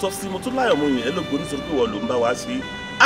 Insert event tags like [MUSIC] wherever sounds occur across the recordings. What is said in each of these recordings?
tọ́ sí mo tún láyọ̀ mo yìn ẹ́ lógo nítorí pé ìwọ ló ń bá wa ṣe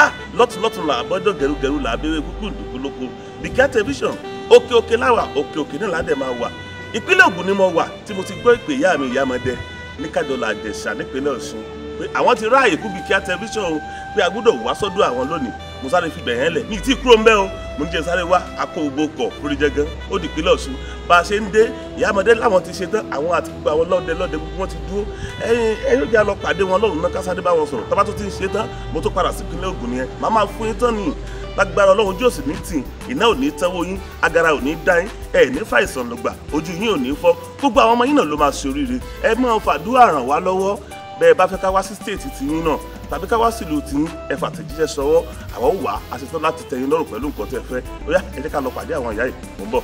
ah lọ́tún lọ́tún là bọ́jọ́ gẹrugẹru là abẹ́wé kúkú ìdúgbòlóko Bikky television òkè òkè láwà òkè òkè náà ládẹ̀ máa wà ìpínlẹ̀ Ògùn ni mo wà tí mo ti gbọ́ ìpè ìyá mi ìyámọdé ní kájọlá àjẹsà nípínlẹ̀ Ọ̀ṣun pé àwọn ti ráàyè fún Bikky television pé a wá sọ́dọ̀ àwọn lónìí mo sáré fi bẹ̀yẹn lẹ̀ mi ì tí kúrò ń bẹ́ o mo ní jẹ́ sáré wá akó gbogbo kọ̀ lórí ó di ìpínlẹ̀ Ọ̀ṣun bá a ṣe ń dé ìyá ọmọdé làwọn ti ṣe tán àwọn àti gbogbo àwọn lọ́dẹ lọ́dẹ gbogbo wọn ti dúró ẹyin ẹyin ó jẹ́ àlọ́ pàdé wọn lọ́rùn náà kásáré bá wọn sọ̀rọ̀ tọ́ba tó ti ń ṣe tán mo tó padà sí ìpínlẹ̀ Ògùn nìyẹn màá fún yín tán nìyí lágbára ọlọ́run yóò ní tì iná ò ní tẹ́wọ́ yín agara ò ní dá yín ẹ ní fàìsàn lọ́gbà ojú yín ò ní fọ́ gbogbo àwọn ọmọ yín náà ló máa ṣe oríire ẹ máa fàdúrà ràn wá lọ́wọ́ bẹ́ẹ̀ bá fẹ́ ká wá sí stéètì tìyín náà tàbí ká wá sílùú tí ń ẹfà tẹ̀jíṣẹ́ sọwọ́ àwọn ò wá àṣetán láti tẹ̀yìn lọ́rùn pẹ̀lú nǹkan tẹ́ fẹ́ ó yá ẹ jẹ́ ká lọ pàdé àwọn ìyá yìí mò ń bọ̀.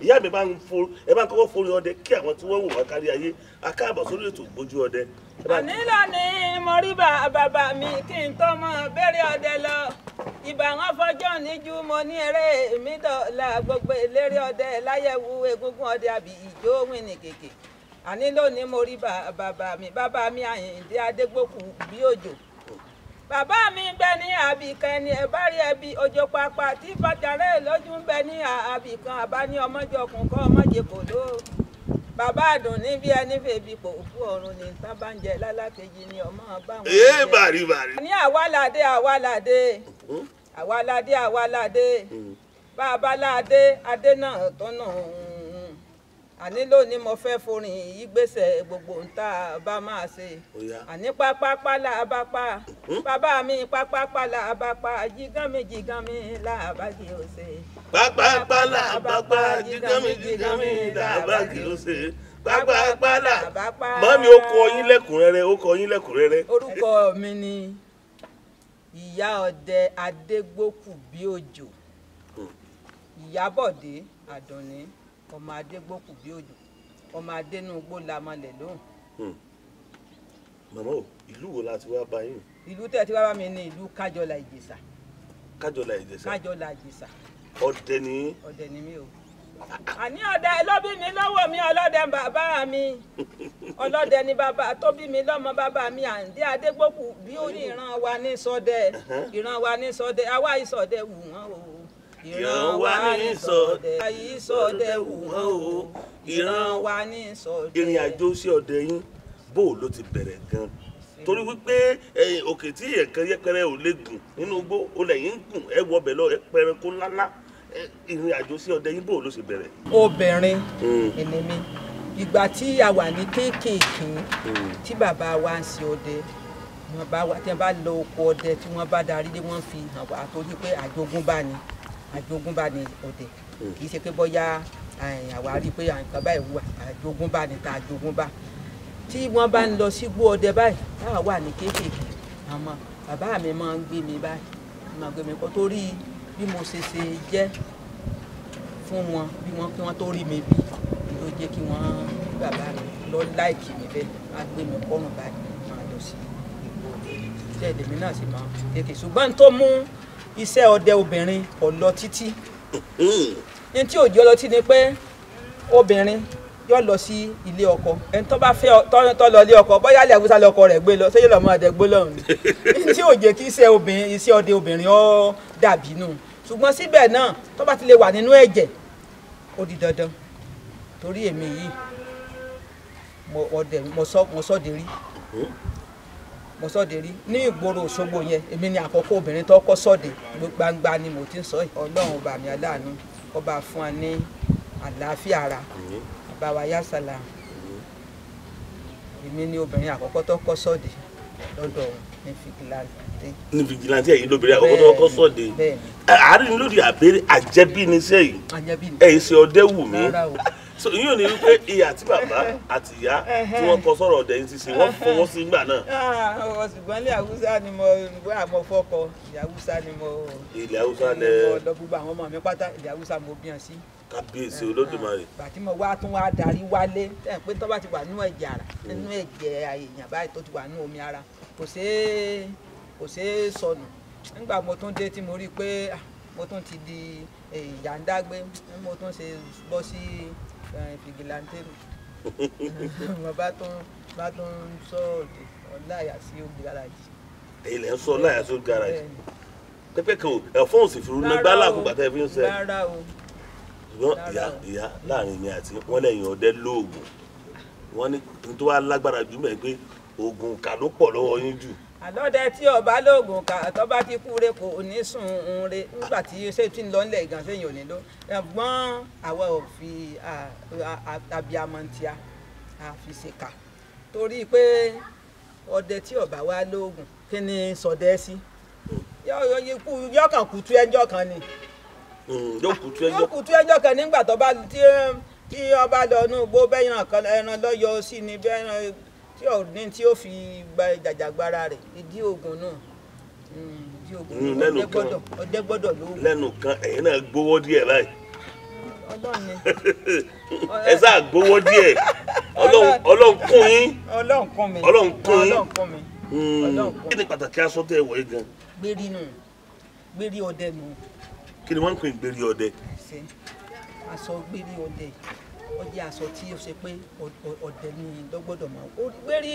ìyá mi bá ń fo ẹ bá ń kọ́kọ́ forí ọdẹ kí àwọn tí wọ́n wò wá kárí ayé akáàbọ̀ sórí ètò ìgbójú ọdẹ. àní ni mo rí bàbá mi kí n tó mọ bẹ́rẹ̀ ọdẹ lọ ìbà wọn fọjọ́ níjú mo ní eré mi dọ̀la gbogbo eléré ọdẹ láyẹ̀wò egungun ọdẹ àbí ìjó wìnì kèké àní lónìí mo rí bàbá mi bàbá mi àyìndé adégbòkú bí òjò bàbá mi ń bẹ ní àbìkan ẹni ẹ rí ẹbí ọjọ́ pápá tí fàtàrẹ lójú ń bẹ ní àbìkan àbá ní ọmọjọkùn kọ ọmọjẹ kò ló bàbá àdùn níbi ẹni fèbí pò fún ọrùn ní nǹkan bá ń jẹ lálákejì ni ọmọ bá wọn. ee bàrí bàrí. ní àwàládé àwàládé hm? àwàládé àwàládé hm. bàbá ládé adé náà tó òun àní lónìí mo fẹ́ forin yìí gbèsè gbogbo ńta bá máa ṣe àní pápápá là bá pa hmm? bàbá mi pápápá là bá pa jígán mi jígán mi là bá kì í ṣe. pápápá là bá pa jígán mi jígán mi là bá kì í ṣe pápápá là mọ́mí ó kọ yín lẹ́kùnrẹ́rẹ́ ó kọ yín lẹ́kùnrẹ́rẹ́. orúkọ mi ni ìyá ọdẹ adégbòkù bí òjò hmm. ìyábọ̀dé àdùnní ọmọ adé gbókù bí òjò ọmọ adé nù gbó la malẹ̀ lóhùn. Hmm. màmá o ìlú wo la ti wá bá yín. ìlú tẹ̀ tí wá bá mi ní ìlú kájọlà ìjẹ̀ṣà. kájọlà ìjẹ̀ṣà. kájọlà ìjẹ̀ṣà. ọdẹ ni. ọdẹ ni mi o àní ọ̀dà ẹ ló bí mi lọ́wọ́ mi ọlọ́dẹ bàbá mi [LAUGHS] ọlọ́dẹ ni bàbá tó bí mi lọ́mọ bàbá mi àǹdí adégbòkù bí ó ní ìran wa ní ṣọdẹ ìran wa ní ṣọdẹ Awa ìṣọdẹ wù wọ́n ìran wa ní sọdẹ ayé sọdẹ wù wọ́n o ìran wa ní sọdẹ. ìrìn àjò sí ọdẹ yín bó ló ti bẹ̀rẹ̀ gan torí wípé eh, òkè tí ẹ̀kan yẹpẹrẹ ò lè gùn nínú igbó o lẹ́yìn ń gùn ẹ wọ ọbẹ̀ lọ ẹ pẹrẹ kó ńláńlá eh, ìrìn àjò sí ọdẹ yín bó ló ṣe bẹ̀rẹ̀. obìnrin hmm. ni mí ìgbà tí a wà ní kéékèèké hmm. tí bàbá wa ń ṣe ọdẹ tí wọn bá lọ oko ọdẹ tí wọn bá darí dé wọn fi hàn wá torí pé àjogúnbá ni àjogúnbá ni ọ̀dẹ̀ hmm. kì í ṣe pé bọ́yá àwa rí i pé àǹkan báyìí wà àjogúnbá ni tá àjogúnbá tí wọ́n bá ń lọ sígbó ọdẹ báyìí táwa wà ní kéékèèké àmọ́ bàbá mi máa ń gbé mi báyìí máa gbé mi kọ́ torí bí mo ṣe ṣe jẹ́ fún wọn bí wọ́n kí wọ́n tó rí mi bí ló jẹ́ kí wọ́n bàbá mi lọ láìkì mi bẹ́ẹ̀ máa gbé mi kọ́rùn báyìí máa lọ sí ìgbó ọdẹ tẹ́ẹ̀dẹ̀mí náà sì máa kéékèèké ṣùgbọ́n tó mú iṣẹ́ ọdẹ obìnrin kò lọ títí mm-hmm. ní tí òjò lọ títí ni pé obìnrin yóò lọ sí ilé ọkọ ẹni tó bá fẹ́ tọ́yún tó lọ ilé ọkọ bóyá ilé àgùsà lọkọ rẹ̀ gbé lọ sẹ́yìn lọ́mọ ọdẹ gbó lọ́run ní [LAUGHS] tí òjò kí iṣẹ́ obìnrin iṣẹ́ ọdẹ obìnrin ó dàbí nù ṣùgbọ́n síbẹ̀ náà tó bá ti lè wà nínú ẹ̀jẹ̀ ó di dandan torí èmi yìí mo ọdẹ mo sọ mo sọ́de rí ní ìgboro Òṣogbo yẹn èmi ni àkọ́kọ́ obìnrin tó kọ́ sọ́de gbangba ni mo ti ń sọ yìí ọlọ́run ọba mi aláàánú ọba fún wa ní àlàáfíà ara àbáwá yásàlà èmi ni obìnrin àkọ́kọ́ tó kọ́ sọ́de lọ́dọ̀ òun ní fìgìláńtì. ní fìgìláńtì ẹ̀yin lóbìnrin àkọ́kọ́ tó kọ́ sọ́de àárín lórí àbẹ́rẹ́ àjẹbí ni sẹ́yìn ẹ̀yìn ṣe ọdẹ so ìyóò ní wípé ìyá àti bàbá àti ìyá tí wọ́n kọ sọ̀rọ̀ ọ̀dẹ̀ yìí ti sìn wọ́n fọwọ́ sí gbà náà. Ah, ṣùgbọ́n ilé haúsá ni mo àmọ́ fọ́kọ ilé haúsá ni mo ilé haúsá lẹ lọ gbogbo àwọn ọmọ mi pátá ilé haúsá mo bí wọn sí. kábíyèsí olódùmarè. Ah, bàtí mo wá tún wá darí wálé ẹ̀ pé tó bá ti wà nínú ẹ̀jẹ̀ ara nínú ẹ̀jẹ̀ èèyàn báyìí tó ti wà nínú omi ara kò ṣeé kò ṣeé sọnù nígbà mo tún dé tí mo rí i pé ah, mo tún ti di eh, ìyàndágbé mo tún ṣe bọ́ sí fìgìláńtẹ́ mi bàbá tó ń bá tó ń sọ òde ọláyà sí òde gáràjì. ilẹ̀ ń sọ ọláyà sí òde gáràjì pẹ́pẹ́ kan ẹ̀fọ́n òsì fìrú ní gbálà kó bàtà ẹ̀fín sẹ́ ṣùgbọ́n ìyá ìyá láàrin mi àti wọ́n lẹ́yìn ọdẹ lóògùn wọ́n ní tó wá lágbára jù mẹ́ pé oògùn kà ló pọ̀ lọ́wọ́ yín jù àlọ́dẹ tí ọba lóògùn kà tọ́ba ti kú re kò ní sùn un re nígbà tí ṣé tí ń lọ nílẹ̀ ìgbà sẹ́yìn ò ní lọ ẹ̀gbọ́n àwa ò fi àbíamọ̀ntìá àfi ṣèkà torí pé ọdẹ tí ọba wa lóògùn kí ni sọdẹ sí yọkàn kùtù ẹjọ́ kan ni hmm, yóò kùtù ẹjọ́ kan nígbà tó bá tí ọba lọ nú gbó bẹ́yìn ẹran lọ́yọ̀ sí ni bẹ́yìn tí ọ̀dín tí ó fi gba jàjàgbara rẹ̀ ìdí oògùn náà hmm, ìdí oògùn hmm, náà ọdẹ gbọ́dọ̀ lóògùn. lẹ́nu kan ẹ̀yin náà gbowó díẹ̀ báyìí ẹ sáà gbowó díẹ̀ ọlọ́run kún yín hmm. ọlọ́run kún mi kí ni pàtàkì aṣọ tẹ yìí gan. gbérí nù gbérí ọdẹ nù. kí ni wọ́n ń pè gbérí ọdẹ. aṣọ gbérí ọdẹ ó jẹ́ aṣọ tí ó ṣe pé ọ̀dẹ ni lọ́gbọ́dọ̀ máa ó gbérí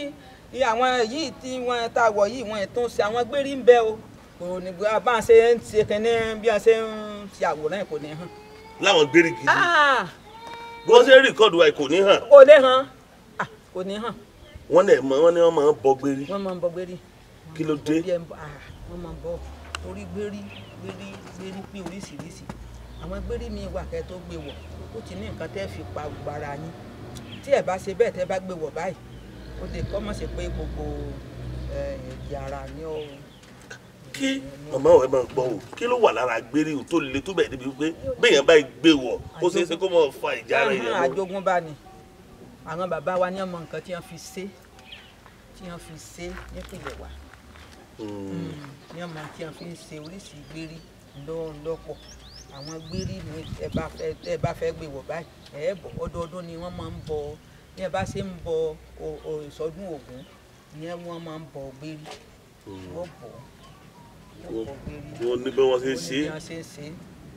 àwọn yìí tí wọ́n tá a wọ̀ yìí wọ́n tó ń ṣe àwọn gbérí ń bẹ o kò ní bá a ṣe ń ṣe kẹ́ni bí a ṣe ń ṣe àwòrán ẹ̀ kò ní hàn. láwọn gbérí gidi ah! bí wọ́n ṣe ń rìkọ́dù wa kò ní hàn. kò ní hàn ah, kò ní hàn. wọ́n lè mọ wọ́n ní wọ́n máa ń bọ gbérí. wọ́n máa ń bọ gbérí. kí ló dé. wọ́n máa ń bọ ah, orí gbérí gbérí gbérí pé oríṣiríṣi àwọn gbérí mi wà kẹ́ tó gbé wọ̀ ó ti ní nǹkan tẹ́ fi pa gbàrà yín tí ẹ̀ bá ṣe bẹ́ẹ̀ tẹ́ bá gbé wọ̀ báyìí ó lè kọ́ mọ̀ sí pé gbogbo ẹ̀jẹ̀ ara ní kí màmá ọ̀ máa gbọ́ o kí ló wà lára gbérí tó le tó bẹ̀ débi pé béèyàn bá gbé wọ̀ ó ṣeé ṣe kó mọ̀ fa ìjà rẹ̀ yẹn lọ. àjogúnbá ni àwọn bàbá wa ní ọmọ nǹkan tí wọ́n fi ṣe tí wọ́n fi ṣe nípìnlẹ̀ wa ní ọmọ tí wọ́n fi ṣe oríṣìí gbérí lọ́pọ̀ àwọn gbérí ni ẹ bá fẹ́ ẹ bá fẹ́ gbé wọ̀ báyìí ẹ bọ̀ ọdọọdún ni wọ́n máa ń bọ ní ẹ bá ṣe ń bọ ìsọdún Ògún ni wọ́n máa ń bọ gbérí hmm. wọ́n bọ̀ wọ́n ní bí wọ́n ṣe ń ṣe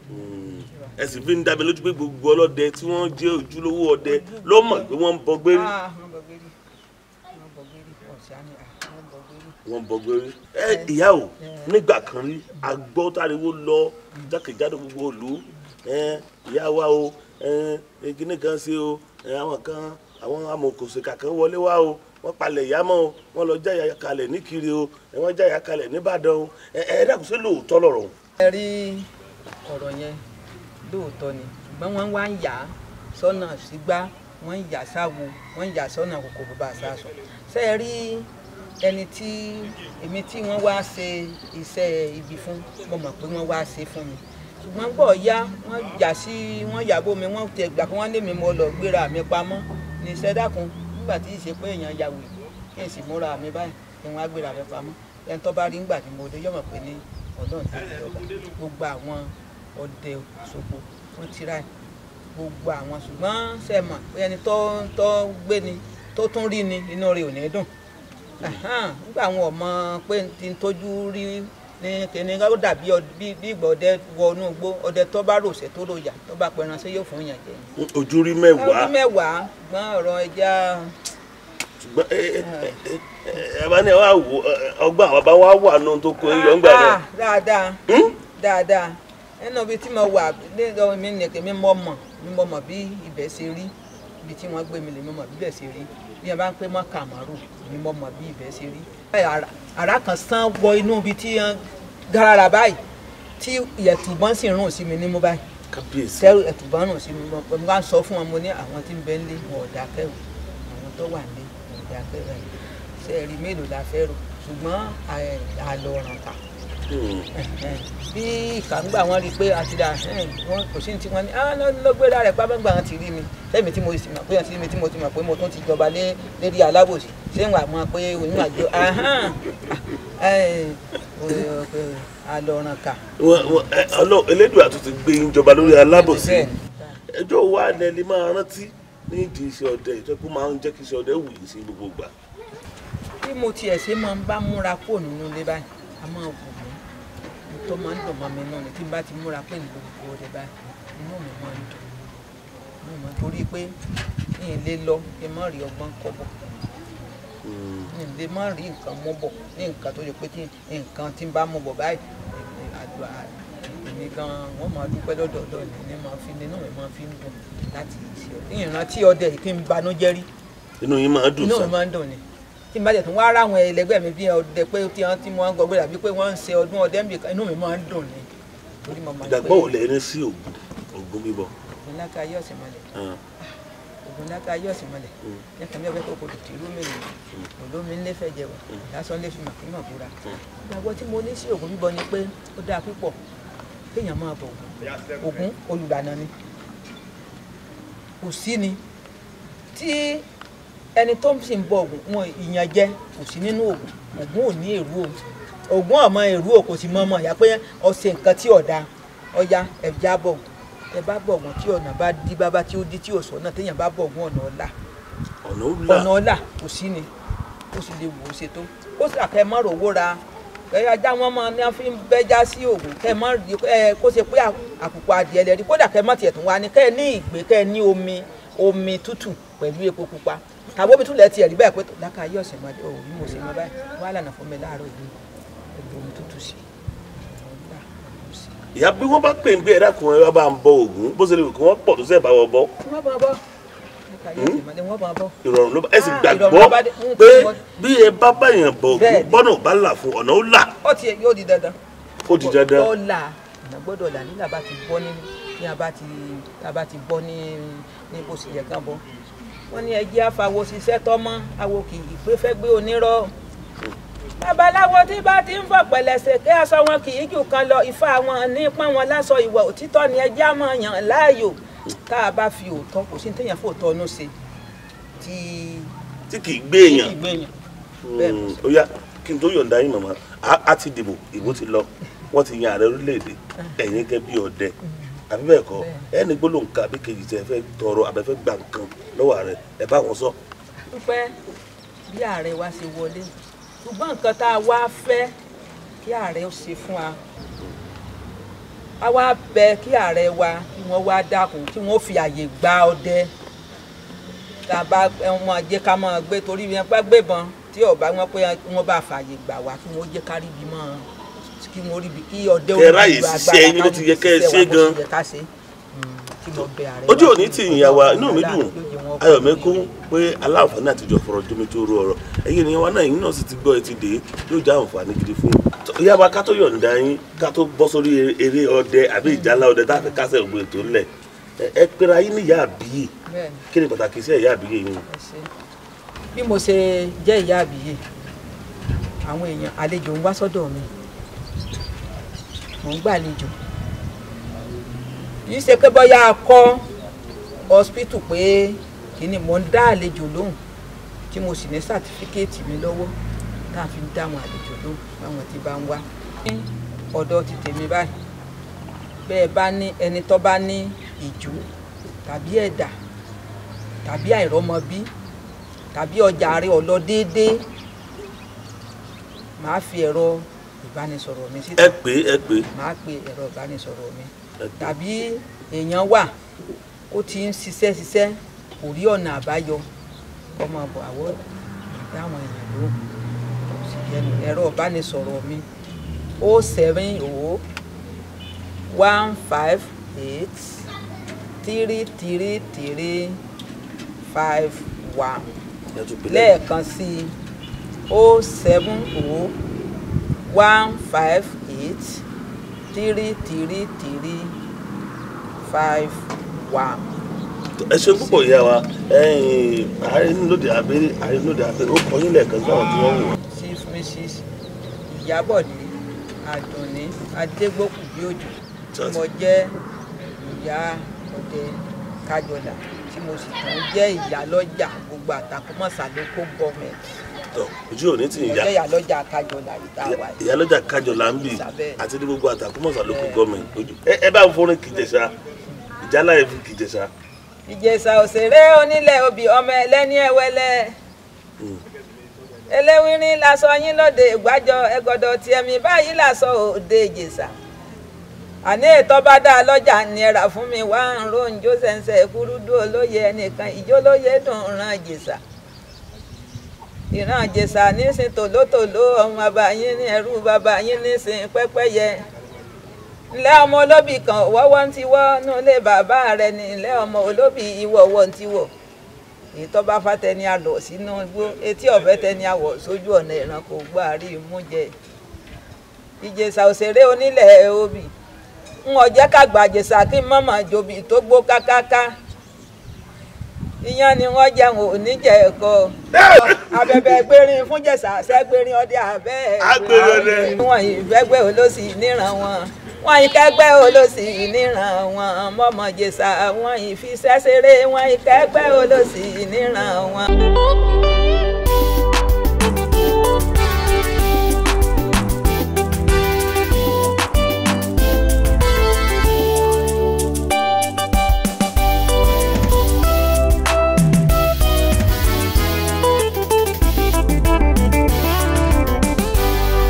hmm. ẹ sì fi ń dá mi lójú pé gbogbo ọlọ́dẹ tí wọ́n jẹ́ ojúlówó ọdẹ ló mọ̀ pé wọ́n ń bọ gbérí. Ah, wọ́n bọ gbẹ́rí ẹ ìyá o nígbà kan rí agbọ́ táriwo lọ jákèjádò gbogbo òlu ìyá wa o gíní kan ṣe o àwọn kan àwọn amòkòṣèkà kan wọlé wá o wọ́n palẹ̀ ìyá mọ́ o wọ́n lọ jáyà kalẹ̀ ní kiri o wọ́n jáyà kalẹ̀ nìbàdàn o ẹ ẹ dàkún sí lóòótọ́ lọ̀rọ̀. ẹ rí ọ̀rọ̀ yẹn lóòótọ́ ni ṣùgbọ́n wọ́n wá ń yà á sọ́nà sígbà wọ́n ń yà sáwo wọ́n ń yà sọ́nà kòkò bàbá àṣàṣọ ṣe é rí ẹni tí èmi tí wọ́n wá ṣe iṣẹ́ ibi fún mo mọ̀ pé wọ́n wá ṣe fún mi ṣùgbọ́n gbọ́ ya wọ́n yà sí wọ́n yàbò mi wọ́n tẹ gbà kí wọ́n lé mi mo lọ gbéra mi pamọ́ ní sẹ́dákun nígbà tí ìṣe pé èèyàn yà wèé kí n sì múra mi báyìí kí wọ́n á gbéra mi pamọ́ ẹni tó bá rí ńgbà tí mo dé yọ̀mọ̀ pé ní ọlọ́run tó ọba gbogbo àwọn ọdẹ Òṣogbo wọ́n ti gbogbo àwọn ṣùgbọ́n sẹ́mà ẹni tó tó gbé ni tó tún rí ni inú rẹ̀ ò ní dùn nígbà àwọn ọmọ pé ti ń tójú rí ní kíní ó dàbí bí ìgbà ọdẹ wọnú igbó ọdẹ tó bá ròṣẹ tó ròyà tó bá pẹran sí yóò fún yàn jẹ. ojú rí mẹ́wàá ojú mẹ́wàá gbọ́n ọ̀rọ̀ ẹja. ṣùgbọ́n ẹ bá ní ọgbà àwọn bá wà wà nù tó kó yọ̀ ń gbà rẹ̀. dáadáa dáadáa ẹnu ibi tí mo wà mi nìkan mi mọ̀ mọ̀ ni mo mọ̀ bí ibẹ̀ ṣe rí ibi tí wọ́n gbé mi lè mo mọ̀ bí ibẹ̀ ṣe rí bí wọ́n bá ń pè mọ́ kàmárù ni mo mọ̀ bí ibẹ̀ ṣe rí. àrà kan sán wọ inú ibi tí wọ́n garara báyìí tí ìyẹ̀tùbọ́n sì rùn sí mi nímú báyìí kábíyèsí tẹ́rù ẹ̀tùbọ́n rùn sí mi mo máa ń sọ fún wọn mo ní àwọn tí ń bẹ nílé wọn ò dákẹ́rù àwọn tó wà nílé wọn ò dákẹ́rù ẹ̀ ṣe é rí mélòó la fẹ́ ṣùgbọ́n eh, àlọ́ràǹkà hmm. bí ìkàǹgbà wọn rí i pé àti dà wọn kò sí ti wọn ní ah, lọ́gbẹ́rẹ́ rẹ̀ pápágbà wọn ti rí mi lẹ́mi tí mo sì mọ̀ pé wọn ti rí mi tí mo ti mọ̀ pé mo tún ti jọba lé lérí alábòsí ṣé wàá mọ̀ pé oyún àjọ àlọ́ràǹkà. elédùn àtúntò gbé ìjọba lórí alábòsí ẹjọ́ wa ni ẹni máa rántí ní ìdí iṣẹ́ ọdẹ ìjọba máa ń jẹ́ kí iṣẹ́ ọdẹ wù yìí sí gbogbo ìgbà bí mo tiẹ̀ ṣe máa ń bá múra kó nínú ilé báyìí a máa wù mí tó máa ń dùn mọ́ mi náà ni tí n bá ti múra pé ní gbogbo rẹ̀ báyìí inú mi máa ń dùn inú mi torí pé ní ilé lọ kí n má rí ọgbọ́n kọ́ bọ̀ ní ilé má rí nǹkan mú bọ̀ ní nǹkan tó yẹ pé nǹkan tí n bá mú bọ̀ báyìí àdúrà èmi gan wọn máa dúpẹ́ lọ́dọ̀ ọ̀dọ̀ mi ní máa fi nínú mi máa fi ń dùn láti ìrántí ọdẹ kí n inú yín máa ń dùn ni tí n bá tẹ̀ tún wá ráwọn ẹlẹgbẹ́ mi bí ọdẹ pé tí wọ́n ti wọ́n ń gọgbẹ́ tàbí pé wọ́n ń ṣe ọdún ọdẹ mi inú mi máa ń dùn ni. ìdàgbọ́ ò lẹ́ni sí ògùn ògùn bíbọ. ògùn lákà yóò sì mọlẹ̀ ah. ògùn lákà yóò sì mọlẹ̀ hmm. lẹ́kàn mi ò fẹ́ kó kò tì lómi rè olómi hmm. ń lé fẹ́ jẹ wà hmm. lásán lé fi mà fún màkúra. ìgbàgbọ́ tí mo ní sí ògùn bíbọ ni pé ó dáa púpọ̀ kéèyàn máa bọ̀ ògùn olùgbàna ni kò sí ni tí ẹni tó ń sì ń bọ ògùn wọn ìyàn jẹ kò sí nínú ògùn ògùn ò ní èrú o ògùn ọmọ èrú o kò sì mọ ọmọ ìyá pé ọsẹ nǹkan tí ọ̀dà ọya ẹ̀já bọ̀ ẹ bá bọ̀ ògùn tí ọ̀nà bá dí bábá tí ó dí tí òsàn náà téèyàn bá bọ̀ ògùn ọ̀nà ọ̀la ọ̀nà ọ̀la kò sí ni ó sì lè wò ó ṣètò ó sì àkẹ́ mọ́rọ̀ owó ra ẹ̀yà ajá wọn máa ní fi ń sí òògùn kẹ́ ẹ ẹ kó ṣe pé àkùkọ adìẹ lẹ rí kódà kẹ́ ẹ tiẹ̀ tún wá ní kẹ́ ní ìgbé kẹ́ ní omi omi tútù pẹ̀lú epo pupa tàbí omi tútù lẹ́tì ẹ̀rí báyìí pé dáka ayé ọ̀sẹ̀ máa ò bí mo ṣe máa báyìí wàá lànà fún mi láàárọ̀ ìlú ẹ̀gbọ́n omi tútù sí ìyá bí wọ́n bá pè ń gbé ẹ̀dá kan ẹ̀ bá ń bọ ògún bó ṣe lè kí wọ́n pọ̀ tó sẹ́ẹ̀ bá wọ bọ́. wọ́n bá bọ́ ìrọ̀rùn ló bá ẹ sì ah, gbàgbọ́ pé bí ẹ bá báyàn bọ̀ ògún bọ́nà bá là fún ọ̀nà ó là. ó ti yóò di dandan. ó di dandan. ó là ọ̀nà gbọ́dọ̀ là nílà bá ti bọ́ nínú ní abá ti bọ́ ní ní bó ṣe yẹ kán bọ́ wọ́n ní ẹjẹ́ àfàwọ̀ ṣiṣẹ́ tọ́mọ́ àwọ̀ kì í pé fẹ́ gbé onírọ́ babaláwo tí bá ti ń fọ pẹ̀lẹ́sẹ̀ kí aṣọ wọn kì í jù kan lọ ìfà wọn ní pọ́n wọn láṣọ ìwà òtítọ́ ni ẹjẹ́ àmọ́ yàn láàyò tá a bá fi òótọ́ kò sí ní téèyàn fòótọ́ ọ̀nà ṣe tí. tí kì í gbé èèyàn hmm, ó yá kí n tó yọ̀ǹda yín màmá a ti dìbò ìbò ti lọ wọ́n ti yan ààrẹ orílẹ̀-èdè ẹ̀yin gẹ́gẹ́ bí ọdẹ hmm àbí bẹ́ẹ̀ kọ́ ẹ ní gbólóhùn kan àbí kejì tẹ fẹ́ tọrọ àbẹ fẹ́ gbà nǹkan lọ́wọ́ rẹ ẹ bá wọn sọ. dúpẹ́ bí ààrẹ wa ṣe wọlé ṣùgbọ́n nǹkan tá a wá fẹ́ kí ààrẹ ó ṣe fún wa a wá bẹ kí ààrẹ wa kí wọ́n wá dákun kí wọ́n fi àyè gba ọdẹ tá a bá wọn jẹ́ ká máa gbé torí wọn bá gbébọn tí ọba wọn pé wọn bá fààyè gbà wá kí wọ́n jẹ́ ká ríbi kí mo rí ibi kí ọdẹ òní ìgbà agbára náà ti yẹ ká ṣe gan hmm, ojú òní ti ìyàwó inú mi dùn ayọ̀ mi kún pé aláǹfààní àtijọ́ fọ̀rọ̀ tó mi tó rú ọ̀rọ̀ ẹ̀yin ènìyàn wa náà yìí náà sì ti gbọ́ ẹ ti dé yóò já àǹfààní gidi fún ìyá wa ká tó yọ̀ǹda yín ká tó bọ́ sórí eré ọdẹ àbí hmm. ìjálá ọdẹ táàfin kásẹ̀ ògbó ètò ńlẹ̀ ẹ pera yín ní ìyá àbíyè kí ni pàtàkì sí ìyá àbíyè yín. bí mo ṣe jẹ́ ìyá àbíyè àwọn èèyàn àlejò ń wá sọ́dọ̀ mi mò ń gbàlejò kìí ṣe pé bóyá a kọ́ hospital pé kìíní mò ń dá àlejò lóhùn tí mo sì ní sátífíkẹ́ẹ̀tì mi lọ́wọ́ tá a fi ń dá àwọn àlejò lóhùn báwọn ti bá ń wá. ní ọ̀dọ̀ ti tèmi báyìí bẹ́ẹ̀ bá ní ẹni tó bá ní ìjú tàbí ẹ̀dà tàbí àìrọ́mọbí tàbí ọjà rẹ̀ ọ̀lọ́ déédéé màá fi ẹ̀rọ ìbánisọ̀rọ̀ mi síta. ẹ pè é ẹ pè é. màá pe ẹ̀rọ ìbánisọ̀rọ̀ mi. tàbí èèyàn wà ó ti ń ṣiṣẹ́ ṣiṣẹ́ kò rí ọ̀nà àbáyọ ọmọ àbọ̀ àwọ̀ dáwọn èèyàn ló sì yẹnu ẹ̀rọ ìbánisọ̀rọ̀ mi ó seven o one five eight three three three five one lẹ́ẹ̀kan sí i o seven o one five eight three three three five one. ẹ ṣe púpọ̀ ìyá wa àárínlóde abẹ́rẹ́ àárínlóde abẹ́rẹ́ ó kọ́ yín lẹ́ẹ̀kan sí àwọn tí wọ́n wò. chief mrs ìyábọ̀dé àdùnní adégbòkùnbí òjò tí mo jẹ́ ìyá ọdẹ kájọlà tí mo sì tún jẹ́ ìyálọ́jà gbogbo àtàkùnmọ̀sálókò gọ́ọ̀mẹ̀ntì. ojú òní tí ìyá ìyálọ́jà kájọ là ń bì àti ní gbogbo àtàkùnmọ̀sá lókù gọ́ọ̀mẹ̀ntì ojú ẹ bá ń forin kìjẹsà ìjálá ẹ fún kìjẹsà. ìjẹsà òṣèré onílẹ̀ obì ọmọ ẹlẹ́ni ẹ̀wẹ́lẹ́ hmm. eléwìrín lasọ yín lóde ìgbàjọ ẹgọdọ ti báyìí lasọ òde ìjẹsà àní ètò bá dáa lọ́jà ni ẹ rà fún mi wá ń ronjó sẹ́nsẹ́ kúrúdú olóye ẹnìkan ìjólóye dùn ìran àjèsà nísìn tòlótòló ọmọ bàbá yín ní ẹrú bàbá yín nísìn pẹ́pẹ́yẹ ilé ọmọ olóbì kan wọ́wọ́ ń tiwọ́ nílé bàbá rẹ̀ ní ilé ọmọ olóbì ìwọ̀ wọ́ ń tiwọ̀ ìtọ́ bá fàtẹni àlọ́ sínú igbó etí ọ̀fẹ́ tẹni àwọ̀ sójú ọ̀nà ìranko gbọ́ àrí mú jẹ ìjẹsà òṣèré onílẹ̀ obì ń ọjẹ́ kàgbà àjẹsà kí mọ́mọ́ jobi tó gbó kákáká iyán ni wọ́n jẹun oníjẹ ẹ̀kọ́ abẹ́bẹ́ gbérin fún jẹ̀sà sẹ́gbérin ọdẹ abẹ́ ẹ̀gbérin ọdẹ wọ́n yìí fẹ́gbẹ́ olóṣì níran wọn wọ́n yìí kẹ́gbẹ́ olóṣì níran wọn mọ́mọ́ jẹ̀sà wọ́n yìí fi sẹ́sẹ̀rẹ́ wọ́n yìí kẹ́gbẹ́ olóṣì níran wọn.